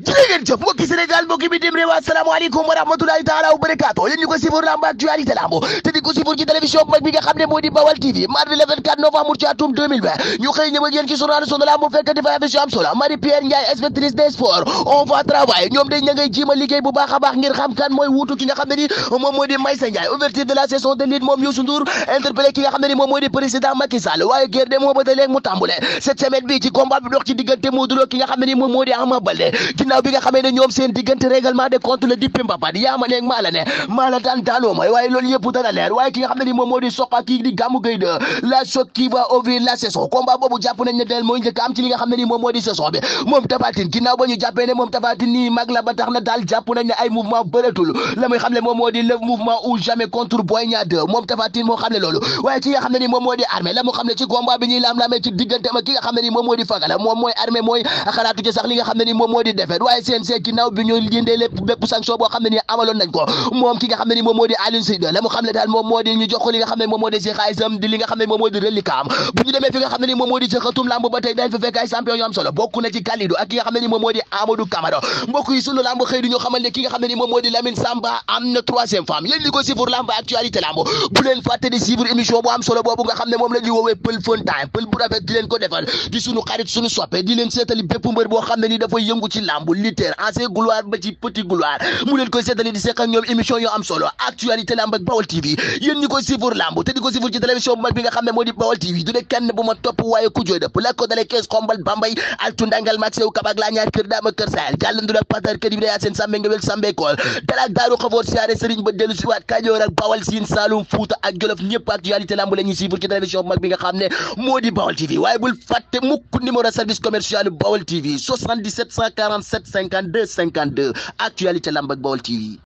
jërë ngeen jëf mbokki Sénégal mbokki bi dem réew asalaamaaleykum wa rahmatulahi taala wa barakaatu ñu ko sifur lamb actualité lamb te di ko sifur ci télévision bu bi nga xam ne moo di Bawal TV mardi le 24 novembre ci atum 2020 ñu xëy ñëw ak yéen ci journal sunu lamb fekk di fa affiche am solo Marie Pierre Ndiaye inspectrice des sports on va ñoom dañ na ngay jiima liggéey bu baax a baax ngir xam kan mooy wuutu ki nga xam ne moo di ginnaaw bi nga xamee ne ñoom seen diggante règlement des comptes la dippe mbapat yaa ma ne maa la daan waaye loolu yëpp dana leer waaye kii nga xam ne ni moom moo di saison bi moom tafatin ginnaaw ba ñu jàppee ne moom tafatin nii mag daal jàpp nañ ne ay mouvement bëratul la muy xam ne moom moo di le mouvement ou jamais contre Boy Niang 2 moom xam ne loolu waaye ki nga xam ne ni moom moo di armée la mu xam ne ci combat bi défaite di li nga xam ne moom moo di si bu ñu demee fi nga xam ne ni moom moo di si ba tey dañ fa yi sunu lamb am solo boobu nga xam ne moom la ñuy woowee pël fontaine pël bu rafet di leen ko defal di sunu xarit sunu soppe di leen seetali bépp mbër boo xam ne ni dafay yëngu ci lamb lambu littér ancien gloire ba ci petit gloire mu leen koy seddali te di ko suivre ci télévision bu mag bi nga xam ne moo Bawal siin Saalum waaye bul fàtte mukk numéro service commercial Baol TV 77 7 52 52 actualité lamb ak Baol TV